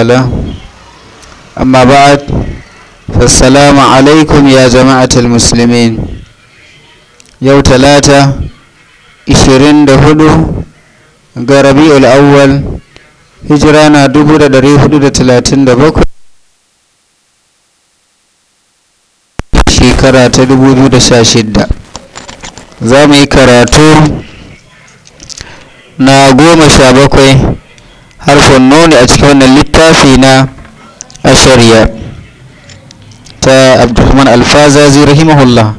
Amma ba a salama aleikum ya jama'atul ta musulmin. Yau talata ishirin ga Rabi'u al'awwal, hijira na dubu shekara ta dubu shida. Za mu yi karatu. Na goma sha bakwai. harfin nuni a cikin wannan littafi na ashariya ta abdulrahman alfaza zai rahimahullah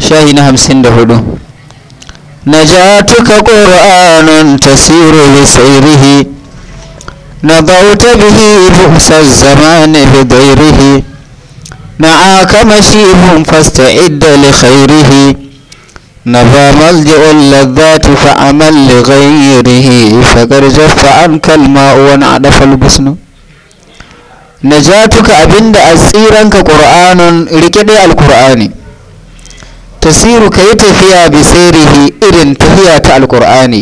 shahi na hamsin da hudu na ja tuka ƙura'anun tasiru da tsairihi na bauta bihi buhsar zamani da dairihi na aka mashi mun fasta idda da khairihi نفى ملجأ اللذات فعمل لغيره فقد جف عنك الماء وانعدف البسن نجاتك أبند أسيرنك قرآن ركدي القرآن تسير كي تفيا بسيره إذن تفيا القرآن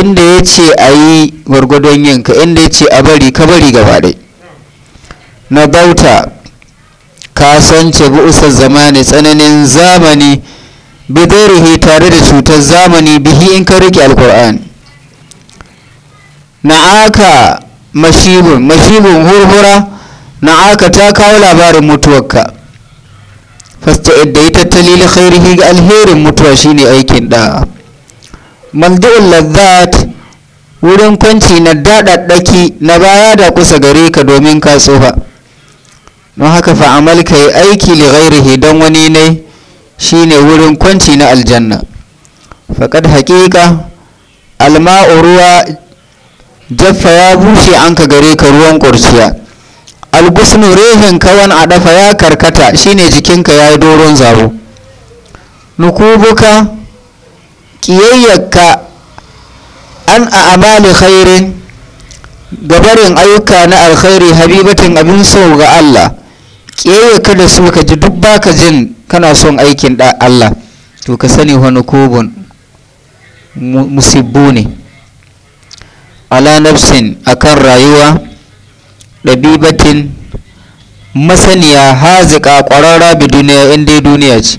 inda ya ce a yi gwargwadon yinka inda ya ce a bari ka bari gaba dai na bauta ka san ce usar zamani tsananin zamani bidairihi tare da cutar zamani bihi in ka rike alkur'ani na'aka mashibun mashibun hurhura na'aka ta kawo labarin mutuwarka fasta idda yi tattali da khairihi ga alherin mutuwa shine aikin da maldu'ul lazzat wurin kwanci na daɗaɗɗaki na baya da kusa gare ka domin ka tsofa don haka fa'amal ka yi aiki li ghairihi don wani ne Shi ne wurin kwanci na aljanna faƙad haƙiƙa alma'u ruwa jaffa ya bushe an ka gare ka ruwan ƙurciya Albusnu, rehin kawan a ɗafa ya karkata shi ne jikinka ya yi doron zaro nukubuka ƙiyayyarka an a amali khairin gabarin ayyuka na alkhairi habibatin abin so ga Allah kewaye ka da su ka ji duk baka jin kana son aikin da Allah to ka sani wani kobon musibbu ne ala nafsin akan rayuwa ɗabibatin masaniya haziƙa ƙwararra bi duniya in dai duniya ce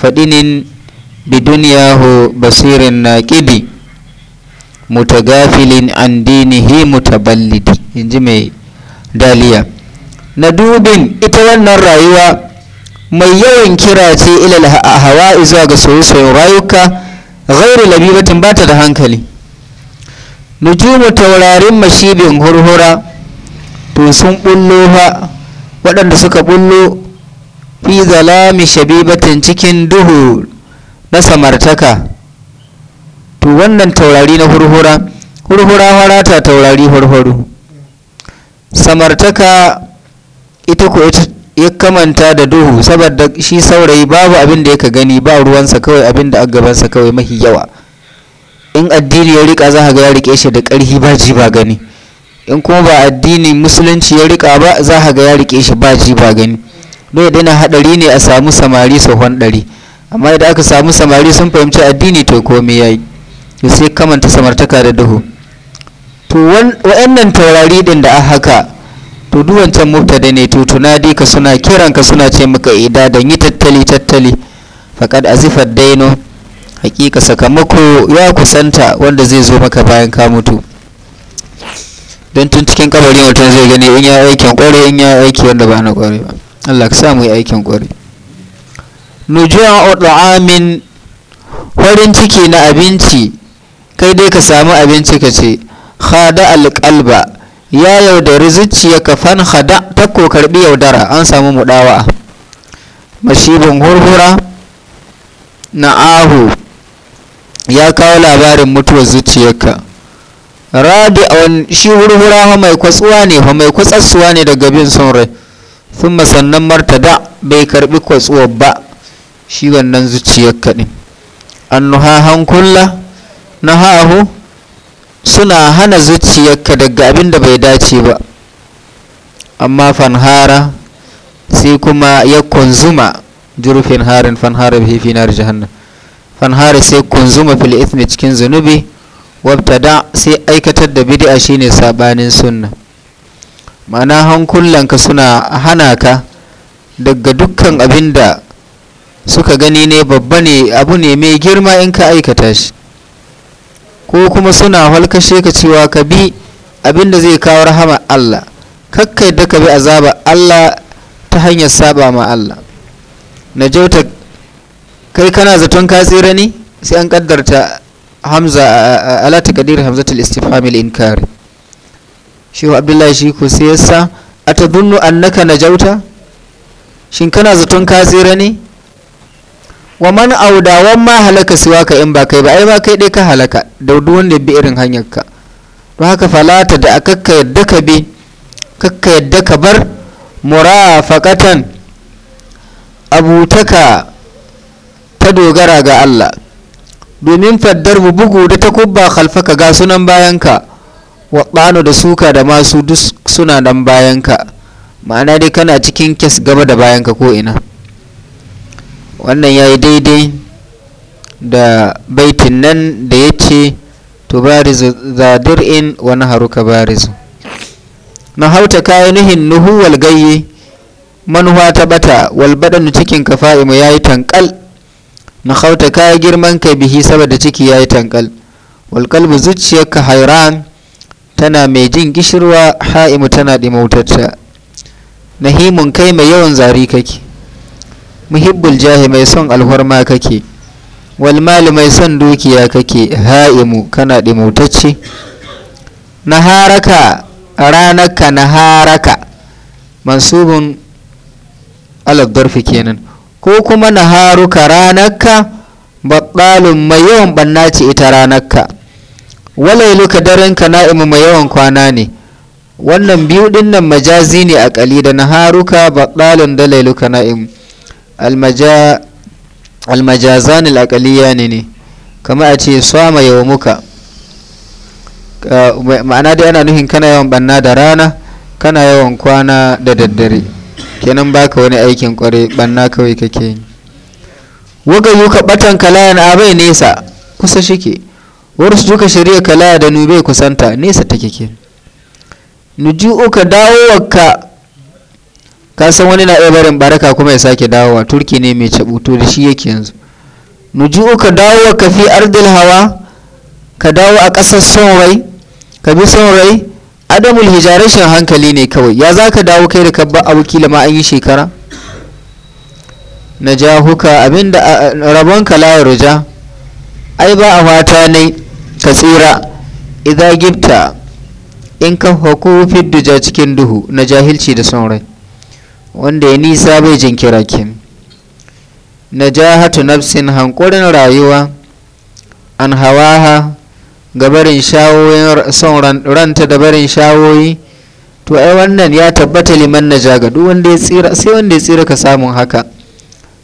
faɗinin bi duniya ho basirin na ƙidi mutagafilin an dinihi mutaballidi in ji mai daliya na dubin ita wannan rayuwa mai yawan kira ce ilal hawa zuwa ga soyayyar rayuka ghairu labibatin ba ta da hankali nujumu taurarin mashibin hurhura to sun bullo fa waɗanda suka bullo fi zalami shabibatin cikin duhu na samartaka to wannan taurari na hurhura hurhura harata taurari hurhuru samartaka ita ko ya kamanta da duhu saboda shi saurayi babu abin da yake gani ba ruwansa kawai abin da gabansa kawai mahi yawa in addini ya rika za ga ya rike shi da ƙarhi ba ji ba gani in kuma ba addini musulunci ya rika ba za ga ya rike shi ba ji ba gani dole dana hadari ne a samu samari sahon ɗari amma idan aka samu samari sun fahimci addini to komai yayi sai kamanta samartaka da duhu to wa'annan taurari din da a haka to duk wancan mubtada ne to tunadi ka suna kiran ka suna ce maka ida dan yi tattali tattali faqad azifat daino hakika sakamako ya kusanta wanda zai zo maka bayan ka mutu don tun cikin kabarin mutum zai gani in ya aikin kware in ya aiki wanda ba na kware ba Allah ka samu ya aikin kware nujuwa amin farin ciki na abinci kai dai ka samu abinci ka ce khada alqalba ya yaudari ya kafan hada ta ko karbi yaudara an samu mudawa mashibin hurhura na ahu ya kawo labarin mutuwar zuciyarka wani shi hurhura mai kwatsuwa ne mai kwatsatsuwa ne daga bin son rai sun sannan martada bai karbi kwatsuwar ba shi wannan zuciyarka ne annuha hankula na ha'ahu suna hana zuciyarka daga abin da bai dace ba amma fanhara sai kuma ya kunzuma jurfin harin fanhara bihi fi nar jahannam fanhara sai kunzuma fil ithmi cikin zunubi wabtada sai aikatar da bid'a shine sabanin sunna ma'ana hankulanka suna hana ka daga dukkan abin da suka gani ne babba ne abu ne mai girma in ka aikata shi ko kuma suna halkashe ka cewa ka bi abin da zai kawo rahama Allah kakkai da ka bi azaba Allah ta hanyar saba ma Allah jauta kai kana zaton ka tsira ne sai an kaddarta hamza ala taqdir hamzatul istifham al shi wa abdullahi shi ko sai yasa atadunnu annaka najauta shin kana zaton ka tsira ne wa man auda wan ma halaka siwaka in ba kai ba ai ma kai dai ka halaka da duk wanda bi irin hanyar ka haka falata da akakka yadda ka bi kakka yadda ka bar murafaqatan abutaka ta dogara ga Allah domin faddar mu bugu da takubba khalfaka ga sunan bayanka wa bano da suka da masu duk suna nan bayanka ma'ana dai kana cikin kes gaba da bayanka ko ina wannan ya yi daidai da baitin nan da ya ce tubarizu in wani haruka barizu na hauta kayan nuhin nuhu walgayye manuwa ta bata walbaɗanu cikin ka fa'imu ya yi tankal na hauta kaya girman ka bihi saboda ciki ya yi tankal zuciyar zuciyarka hairan tana mai jin gishirwa ha'imu tana na himun kai mai yawan zari kake muhibbul jahi mai son alhorma kake wal mali mai son dukiya kake ha'imu kana dimutacce naharaka ranaka naharaka mansubun aladdarfi kenan ko kuma naharuka ranaka baɗalun mai yawan bannaci ita ranaka walailuka darenka na'imu mai yawan kwana ne wannan biyu dinnan majazi ne a ƙali da naharuka baɗalun da lailuka na'imu المجازان الأقليان ne ne kama a ce دي أنا muka ma'ana dai ana nuhin kana yawan bana da rana kana yawan kwana da daddare kenan baka wani aikin kware banna kawai kake yi waga yuka batan kalayan abai nesa kusa shike warsu juka shari'a kalaya da nube kusanta nesa take ke dawo waka. ka san wani na iya barin baraka kuma ya sake dawowa turki ne mai cabuto da shi yake yanzu nuju'u ka dawo ka fi ardil hawa ka dawo a ƙasar son rai ka bi son rai adamul hijarashin hankali ne kawai ya za ka dawo kai da ba a wakila ma an yi shekara na jahuka abinda ka la ruja ai ba a fata ne ka tsira idagibta in ka hukufi duja cikin duhu na jahilci da son rai wanda ya nisa bai jinkira ki jahatu nafsin hankurin rayuwa an hawaha ga barin shawoyin son ranta da barin shawoyi to ai wannan ya tabbata liman na ga duk wanda ya tsira sai wanda ya tsira ka samun haka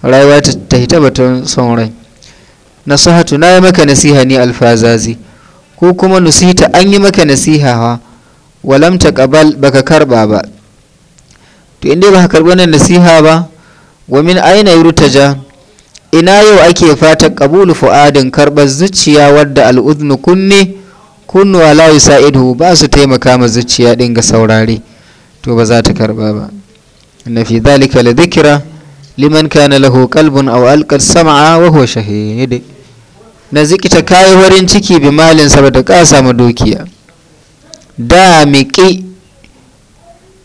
rayuwa ta hita batun son rai nasihatu na yi maka nasiha ni alfazazi ko kuma nusita an yi maka nasiha ha walam taqabal baka karba ba to inda ba ka karɓi wannan nasiha ba wa min aina yurtaja ina yau ake fatan kabulu fu'adin karɓar zuciya wadda al'udnu kunne kunnuwa la yusaidu ba su taimaka ma zuciya din ga saurare to ba za ta karba ba inna fi dhalika la dhikra liman kana lahu qalbun aw alqa sam'a wa huwa shahid na zikita kai warin ciki bi malin da ka samu dukiya da miki.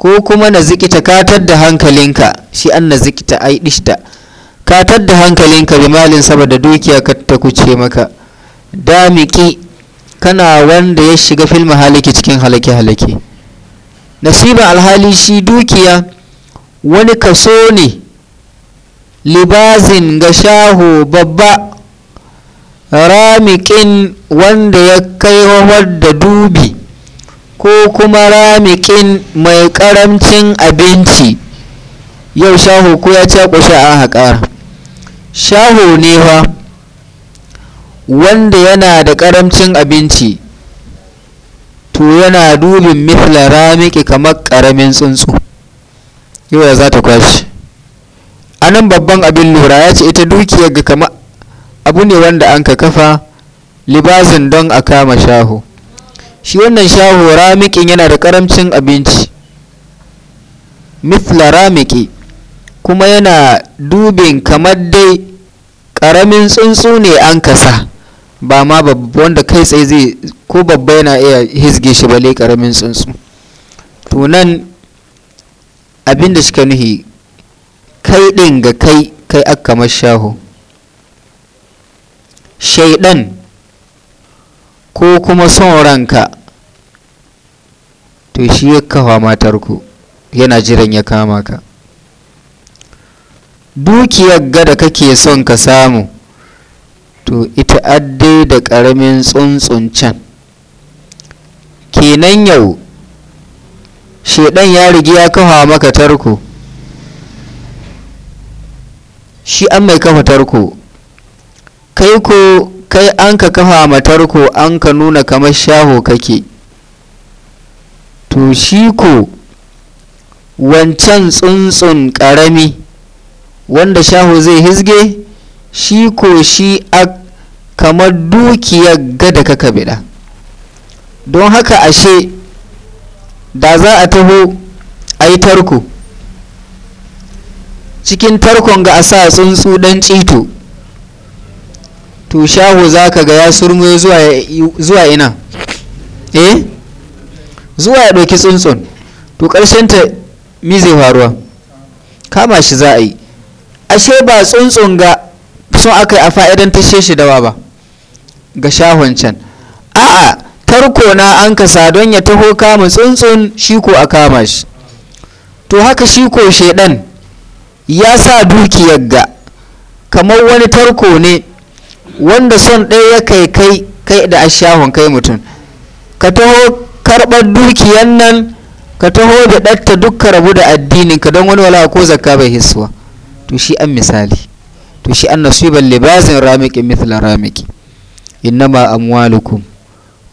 ko kuma na zikita katar da hankalinka shi an na zikita ai dishta katar da hankalinka bi malin saboda dukiya ka ta kuce maka damiki kana wanda ya shiga fil mahaliki cikin halake halake nasiba alhali shi dukiya wani kaso ne libazin ga shaho babba ramikin wanda ya kai da dubi ko kuma ramikin mai karamcin abinci yau shaho ko ya ce cakushe a haƙa. shaho ne fa wanda yana da karamcin abinci to yana dubin mithla ramiki kamar karamin tsuntsu yau ya za ta kwashe nan babban abin lura ya ce ita dukiyar ga kama. abu ne wanda an ka kafa libasin don a kama shaho shi wannan shaho ramiƙin yana da karamcin abinci mithla ramiki kuma yana dubin kamar dai karamin tsuntsu ne an kasa ba ma wanda kai tsaye zai ko babba yana iya hizge shi bale ƙaramin tsuntsu to nan abin da nuhi kai ɗin ga kai kai aka shaho shaidan ko kuma son ranka to shi ya kafa matarku yana jiran ya kama ka dukiyar gada kake son ka samu to ita adde da ƙaramin tsuntsun can kenan yau shaidan ya rigi ya kafa maka tarko shi an mai kafa tarko kai ko kai an ka kafa matarko an ka nuna kamar shaho kake to shi ko wancan tsuntsun ƙarami wanda shaho zai hizge shi ko shi a kamar dukiyar gada kaka bida don haka ashe da za a taho a yi tarko cikin tarkon ga a sa tsuntsu ɗan cito to shahu za ka ga ya surmuye zuwa ina eh zuwa ya ɗauki tsuntsun to ta mi zai faruwa kama shi za a yi ashe ba tsuntsun ga sun aka yi a fa'idan tashe shi dawa ba ga shahon can a'a tarko na an kasa don ya taho kama tsuntsun shi ko a kama shi to haka shi ko shaidan ya sa dukiyar ga kamar wani tarko ne wanda son ɗaya ya kai kai kai da ashahun kai mutum ka taho karɓar dukiyan nan ka taho da ɗatta dukka rabu da addinin ka don wani wala ko zakka bai hisuwa to shi an misali to shi an nasiban libasin ramiki mithla ramiki innama amwalukum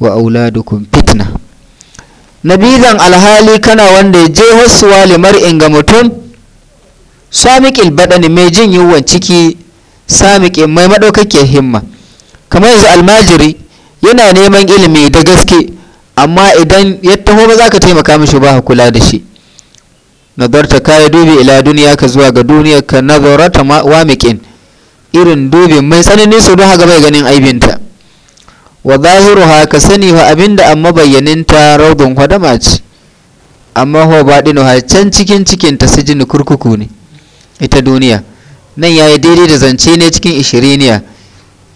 wa auladukum fitna nabizan alhali kana wanda ya je hasuwa limar'in ga mutum samikil badani mai jin yiwuwan ciki samiƙe mai maɗaukakiyar himma kamar yanzu almajiri yana neman ilimi da gaske amma idan ya taho ba za ka taimaka mishi ba kula da shi nazarta kayi dubi ila duniya ka zuwa ga duniya ka nazarata wamiƙin irin dubi mai tsanani su don haka bai ganin aibinta wa zahiru ka sani wa abinda amma bayyaninta raudun hwadama ce amma ho ba baɗinu ha can cikin cikinta sijini kurkuku ne ita duniya nan ya yi daidai da zance ne cikin ishiriniya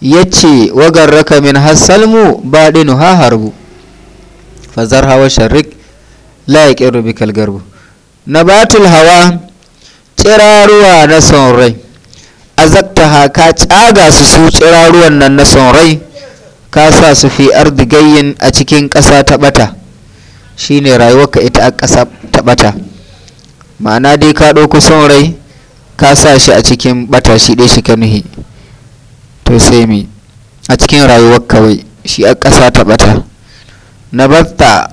yace wagar raka min hasalmu baɗinu ha harbu fazar hawa sharik la yaqiru bikal garbu nabatul hawa tsiraruwa na son rai azakta ha ka tsaga su su tsiraruwan nan na son rai ka sa su fi ardigayyin a cikin ƙasa ta ɓata shine rayuwarka ita a ƙasa ta ɓata ma'ana dai ka ɗauko son rai ka sa shi a cikin bata shi ɗaya shi ka nuhi to sai me a cikin rayuwar kawai shi a ƙasa ta bata na batta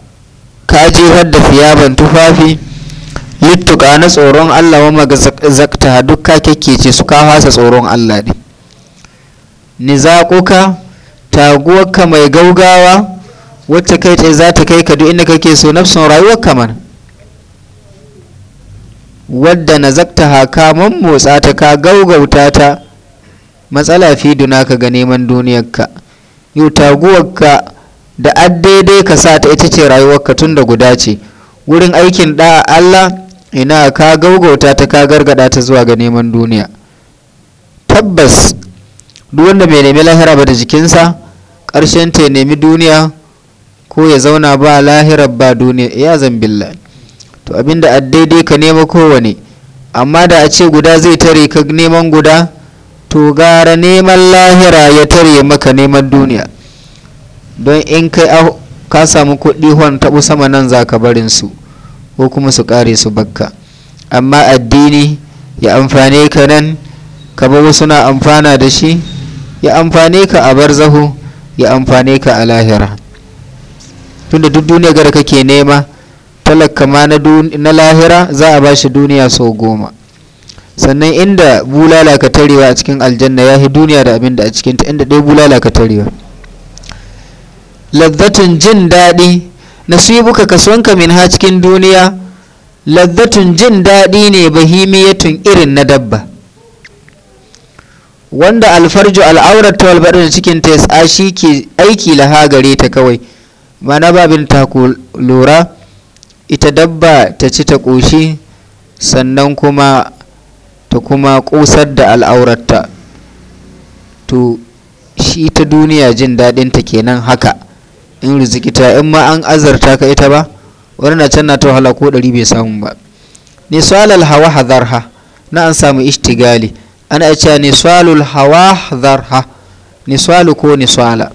ka jefar da fiyaban tufafi littuka na tsoron Allah wa zakta duk ka kyakkece su ka fasa tsoron Allah ne nizaquka taguwarka mai gaugawa wacce kai ce za ta kai ka duk inda kake so nafsun rayuwar kamar wadda na zakta haka motsa ta ka gaugauta ta matsala fi dunaka ga neman duniyarka yau taguwarka da addaidai ka sa ta ita ce rayuwarka tun da guda ce wurin aikin da Allah ina ka gaugauta ta ka gargada ta zuwa ga neman duniya tabbas duk wanda bai nemi lahira ba da jikinsa ƙarshen ta ya nemi duniya ko ya zauna ba lahirar ba duniya ya zambilla to abinda a daidai ka nema kowane amma da a ce guda zai tare ka neman guda to gara neman lahira ya tare maka neman duniya don in kai ka samu kuɗi hon taɓu sama nan za ka barin su ko kuma su ƙare su bakka amma addini ya amfane ka nan ka ba wasu na amfana da shi ya amfane ka a barzahu ya amfane ka a lahira tunda duk duniya gara kake nema talaka ma na lahira za a ba shi duniya sau goma sannan inda bulala ka tarewa a cikin aljanna ya duniya da abin da a cikinta inda ɗaya bulala ka tarewa lazzatun jin daɗi nasibuka kasuwanka min ha cikin duniya lazzatun jin daɗi ne bahimiyatun irin na dabba wanda alfarju al'aurar ta walbaɗin cikin ta ya shi ke aiki laha gare ta kawai mana babin ta lura ita dabba ta ci ta ƙoshi sannan kuma ta kuma ƙusar da al'aurarta to shi ta duniya jin daɗinta kenan haka in rizikita in ma an azarta ka ita ba wani na can na ta wahala ko ɗari bai samu ba nisalal hawa hadarha na an samu ishtigali ana cewa nisalul hawa hadarha nisalu ko nisala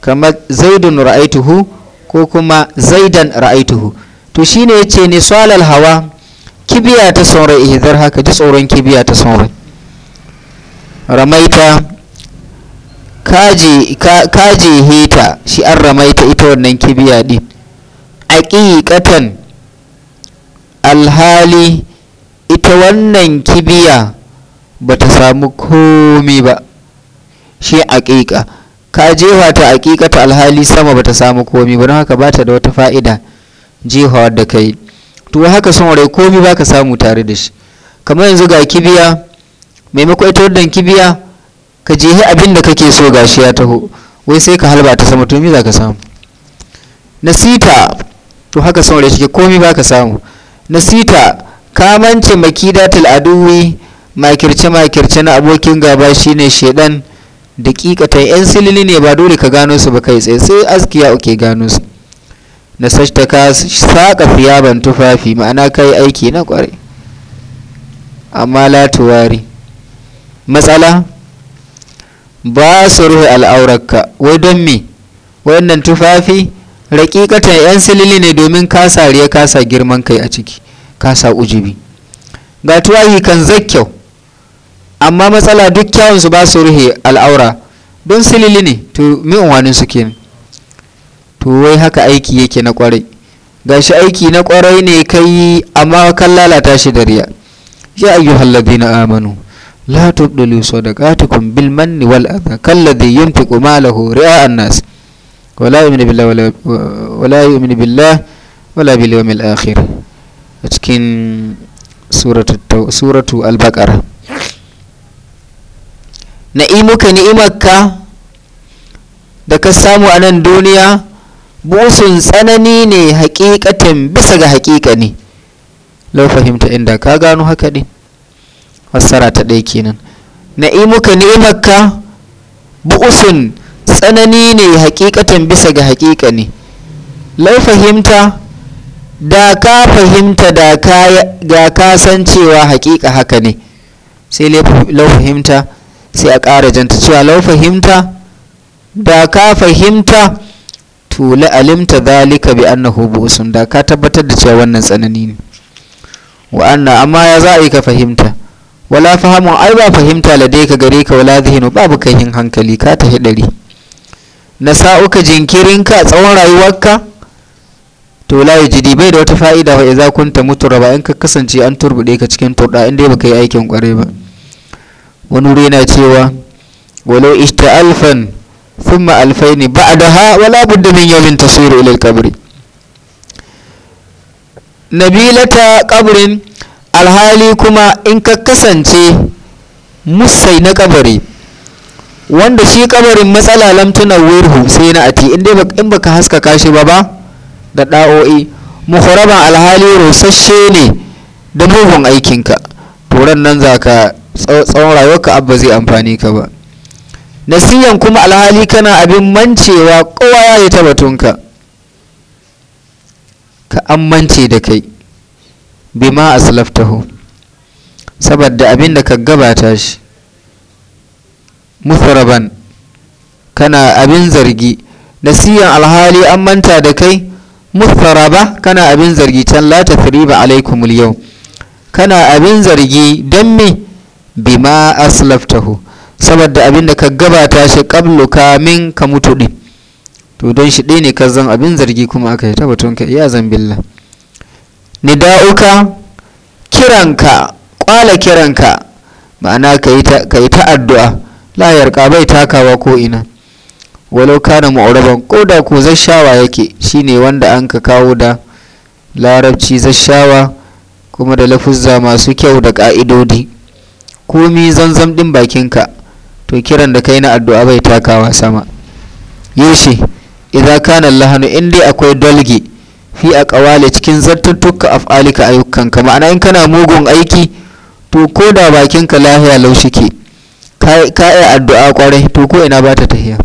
kamar zaidun ra'aituhu ko kuma zaidan ra'aituhu to shine yace ni salal hawa kibiya ta saurai rai haka ji tsoron kibiya ta saurai ramaita kaje kaje heta shi an ramaita ita wannan kibiya din aqiqatan alhali ita wannan kibiya bata samu komi ba shi aqiqa ka jefa ta aƙiƙata alhali sama bata samu komi ba don haka bata da wata fa'ida jefawa da kai to haka son rai komi baka samu tare da shi kamar yanzu ga kibiya maimakon ita wannan kibiya ka jehi abin da kake so gashi ya taho wai sai ka halba ta sama to me zaka samu nasita to haka son rai shike komi baka samu nasita ka mance makidatul aduwi makirce makirce na abokin gaba shine shedan daƙiƙatan 'yan silili ne ba dole ka gano su ba kai tsaye sai askiya uke gano su na sajta ka saka fiyaban tufafi ma'ana ka yi aiki na ƙwarai amma latuwari matsala ba su ruhu al'aurarka wai don me wannan tufafi rakikatan 'yan silili ne domin ka sariya kasa girman kai a ciki kasa ujibi ga tuwayi kan zakkyau amma matsala duk kyawunsu ba su ruhe al'aura don silili ne to min su kenan to wai haka aiki yake na kwarai gashi aiki na kwarai ne kai amma kan lalata shi da riya ya ayyuhal na amanu la tubdilu sadaqatukum bil manni wal adha kalladhi yunfiqu malahu ri'a an-nas wala yu'minu billahi wala yu'minu billahi wala bil yawmil akhir a cikin suratu al-baqara na'imuka ni'imarka da ka samu a nan duniya musun tsanani ne hakikatin bisa ga hakika ne lau fahimta inda ka gano haka ne fassara ta ɗaya kenan na'imuka ni'imarka bu'usun tsanani ne hakikatin bisa ga hakika ne lau fahimta da ka fahimta da ga ka san cewa hakika haka ne sai lau fahimta sai a ƙara janta cewa lau fahimta da ka fahimta to la alimta bi annahu bu'sun da ka tabbatar da cewa wannan tsanani ne wa anna amma ya za a yi ka fahimta wala fahamu ai ba fahimta dai ka gare ka wala zihinu babu kaihin hankali ka ta hidari. na sa'uka jinkirinka tsawon rayuwarka to la yajidi bai da wata fa'ida wa idza kunta ba in ka kasance an turbude ka cikin turda in dai baka yi aikin kware ba wani wuri yana cewa walau ishta alfan ثم ألفين بعدها ولا بد من يوم تصير إلى القبر نبيلة قبر alhali kuma in ka kasance musai na kabari wanda shi kabarin matsala lamtuna wurhu sai na ati in baka haskaka shi ba ba da da'o'i muhuraban alhali rusasshe ne da mugun aikinka turan nan za ka tsawon rayuwarka abba zai amfani ka ba nasiyan kuma alhali kana abin mancewa kowa ya yi batunka ka an mance da kai bima aslaftahu saboda abin da ka gabata shi muthraban kana abin zargi nasiyan alhali an manta da kai mutharaba kana abin zargi can la tathriba alaikumul yau kana abin zargi don me bima aslaftahu saboda abin da ka gabata shi kablu kamin ka mutu din to don shi ɗaya ne ka zan abin zargi kuma aka yi tabbatun ka iya zambilla da'uka kiranka kwala kiranka ma'ana ka yi ta addu'a layar bai takawa ko ina walau kana mu'araban ko da ko zashawa yake shine wanda an ka kawo da larabci zashawa kuma da lafuzza masu kyau da ka'idodi komi zanzam din bakinka to kiran da kai na addu'a bai takawa sama yaushe idan kana lahanu in dai akwai dalge fi a kawale cikin zartuttuka af'alika ayyukanka ma'ana in kana mugun aiki to ko da bakinka lahiya laushi ke ka yi addu'a kwarai to ko ina bata ta tahiya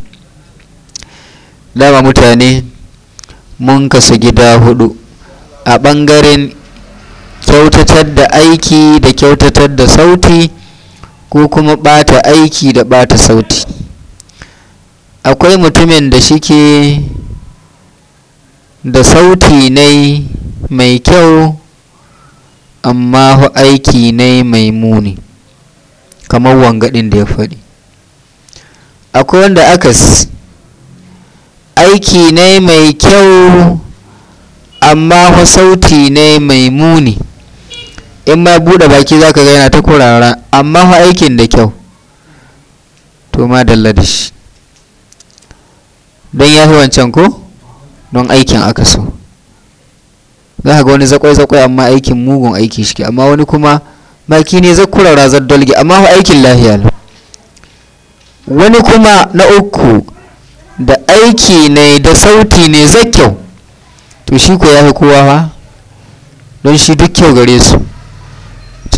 dama mutane mun kasu gida hudu a bangaren kyautatar da aiki da kyautatar da sauti ko kuma ɓata aiki da ɓata sauti akwai mutumin da shike da sauti ne mai kyau amma aiki ne mai muni kamar wangaɗin da ya faɗi akwai wanda aka aiki ne mai kyau amma sauti ne mai muni in ma buɗe baki za ka ga yana ta kurara amma fa aikin da kyau to ma dalla da shi don ya fi wancan ko don aikin aka so za ka ga wani zakwai-zakwai amma aikin mugun aiki shi amma wani kuma maki ne zai kurara zar dalge amma fa aikin lafiya ne wani kuma na uku da aiki ne da sauti ne zai kyau to shi ko ya fi kowa fa don shi duk kyau gare su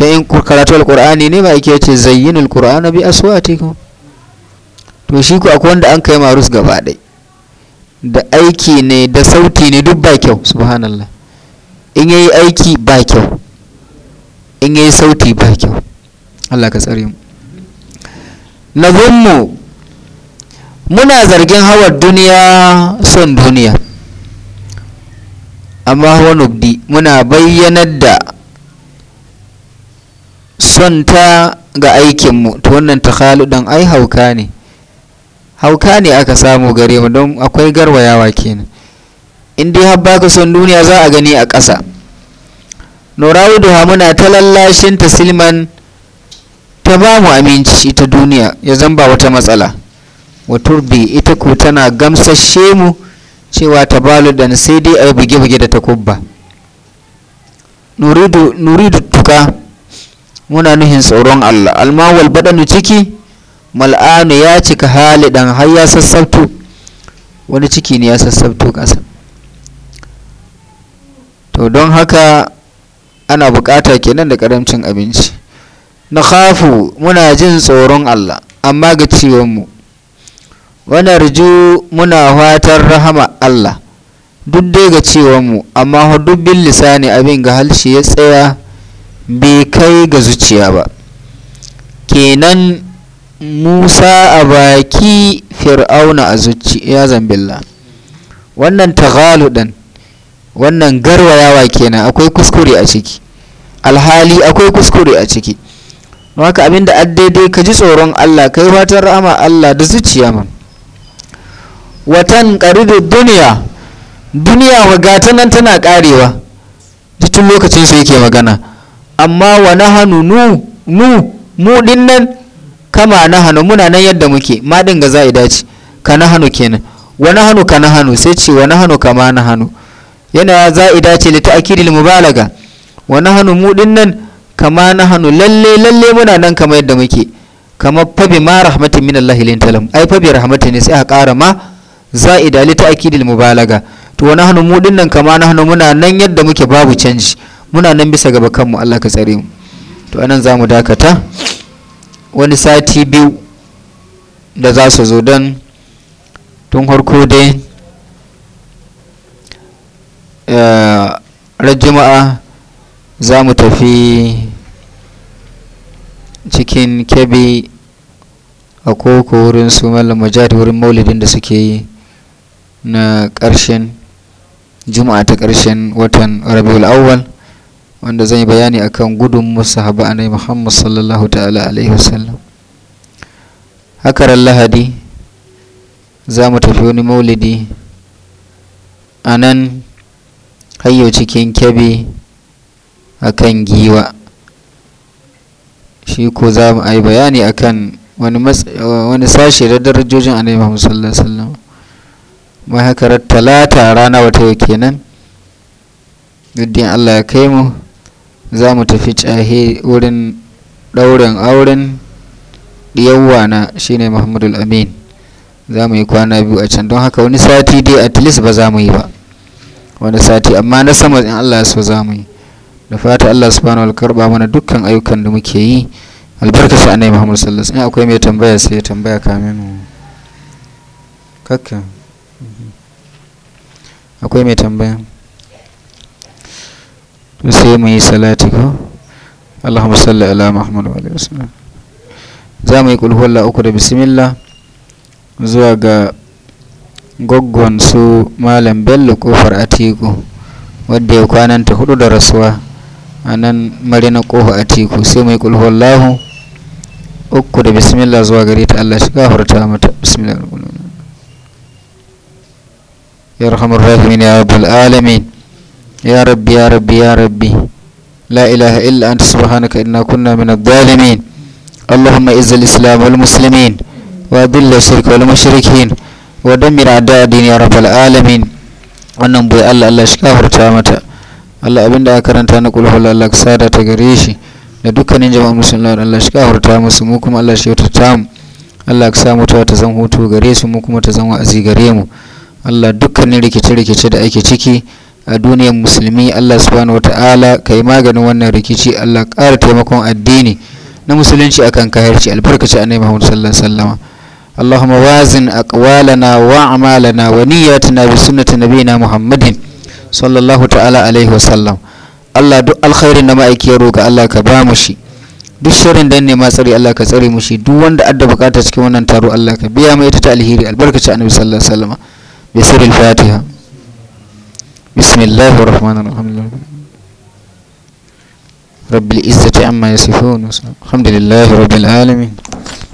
ta yin karatu Alƙur'ani ne ba ake ce zayyinul qur'ana bi aswatikum to shi ku akwai wanda an kai marus gaba ɗai da aiki ne da sauti ne duk ba kyau subhanallah in yayi aiki ba kyau in yayi sauti ba kyau Allah ka tsare mu nazummu muna zargin hawar duniya son duniya amma hawa nubdi muna bayyanar da zonta ga aikinmu to wannan takhaludan ai hauka ne hauka ne aka samu gare mu don akwai garwayawa kenan in dai har baka son duniya za a gani a ƙasa norawuduha muna ta lallashin ta silman ta ba mu aminci ta duniya ya zan wata matsala waturbi ita ko tana gamsashe mu cewa ta baludan sai dai a yi buge-buge da takubba nuridu tuka muna nuhin tsoron Allah almawal badanu ciki mal'anu ya cika hali halidan har ya sassabto wani ciki ne ya sassabto ƙasa to don haka ana buƙata kenan da ƙaramcin abinci na khafu muna jin tsoron Allah amma ga ciwonmu wani rju muna fatan rahama Allah duk dai ga ciwonmu amma duk lisani abin ga halshi ya tsaya bai kai ga zuciya ba kenan musa a baki fir'auna a zuciya zambilla wannan taghaludan wannan garwayawa kenan akwai kuskure a ciki alhali akwai kuskure a ciki ka abinda addaidai ka ji tsoron allah kai fatan rama allah da zuciya man watan da duniya duniya wa gata nan tana ƙarewa tun lokacin su yake magana amma wa nahanu nu nu mu din nan kama nahanu muna nan yadda muke ma din ga za'i dace ka nahanu kenan wa nahanu ka nahanu sai ce wa nahanu kama nahanu yana za'i dace li ta'kidil mubalaga wa nahanu mu din nan kama nahanu lalle lalle muna nan kama yadda muke kama fa bi ma rahmatin min Allah lin talam ai fa bi rahmatin ne sai a ƙara ma za'ida li ta'kidil mubalaga to wa nahanu mu din nan kama nahanu muna nan yadda muke babu canji muna nan bisa gaba kanmu Allah ka tsare mu to anan za mu dakata wani sati biyu da za su zo don tun harko dai eh, ran juma'a za mu tafi cikin kebe a koko wurin su malam wurin maulidin da suke yi na ƙarshen juma'a ta ƙarshen watan rabiul awwal wanda zan yi bayani akan gudun haɓa anai muhammad sallallahu ta'ala alaihi wasallam hakarar lahadi za mu tafi wani maulidi a nan hayyo cikin kyabe a kan giwa shi ko za mu yi bayani akan wani sashe da darajojin anai muhammad sallallahu alaihi wasallam hakarar talata rana wata yau kenan duk Allah ya kai mu za mu tafi cahe wurin ɗaurin auren shi shine muhammadul amin za mu yi kwana biyu a can don haka wani sati dai at least ba za mu yi ba wani sati amma na sama in allah so za mu yi da fata allah subhanahu wa karba mana dukkan ayyukan da muke yi albarkaci annabi muhammad sallallahu alaihi wasallam akwai mai tambaya sai ya tambaya kamin mu kakka mhm. akwai mai tambaya sai mu yi salati ko Allahumma salli ala Muhammad wa alihi wasallam za mu yi kulhuwalla uku da bismillah zuwa ga goggon su malam bello kofar atiku wanda ya ta hudu da rasuwa a nan marina kofa atiku sai mu yi kulhuwallahu uku da bismillah zuwa gare ta allah shi gafarta mata bismillah ya rahamar rahimin ya rabbal alamin يا ربي يا ربي يا ربي لا إله إلا أنت سبحانك إنا كنا من الظالمين اللهم إز الإسلام والمسلمين وأذل الشرك والمشركين ودمر أعداء الدين يا رب العالمين wannan bai Allah Allah shi kafarta mata Allah abinda aka karanta na kulhu Allah ka sada ta gare shi da dukkanin jama'a musulmai Allah shi kafarta musu mu kuma Allah shi ya tata mu Allah ka samu mutuwa ta zan hutu gare su mu kuma ta zan wa'azi gare mu Allah dukkanin rikice-rikice da ake ciki a duniyar musulmi Allah subhanahu wata'ala ka yi maganin wannan rikici Allah ƙara taimakon addini na musulunci akan kahirci albarkaci annabi Muhammad sallallahu alaihi wasallam اللهم وازن أقوالنا وأعمالنا ونياتنا بسنة نبينا Muhammadin sallallahu الله تعالى wa sallam Allah duk alkhairin da ma'aiki ya roƙa Allah ka ba mu shi duk shirin da ne ma tsari Allah ka tsare mu shi duk wanda adda bukata cikin wannan taro Allah ka biya mai ita ta alheri albarkaci annabi sallallahu alaihi wa wasallam bi sirril fatiha بسم الله الرحمن الرحيم رب العزة عما يصفون الحمد لله رب العالمين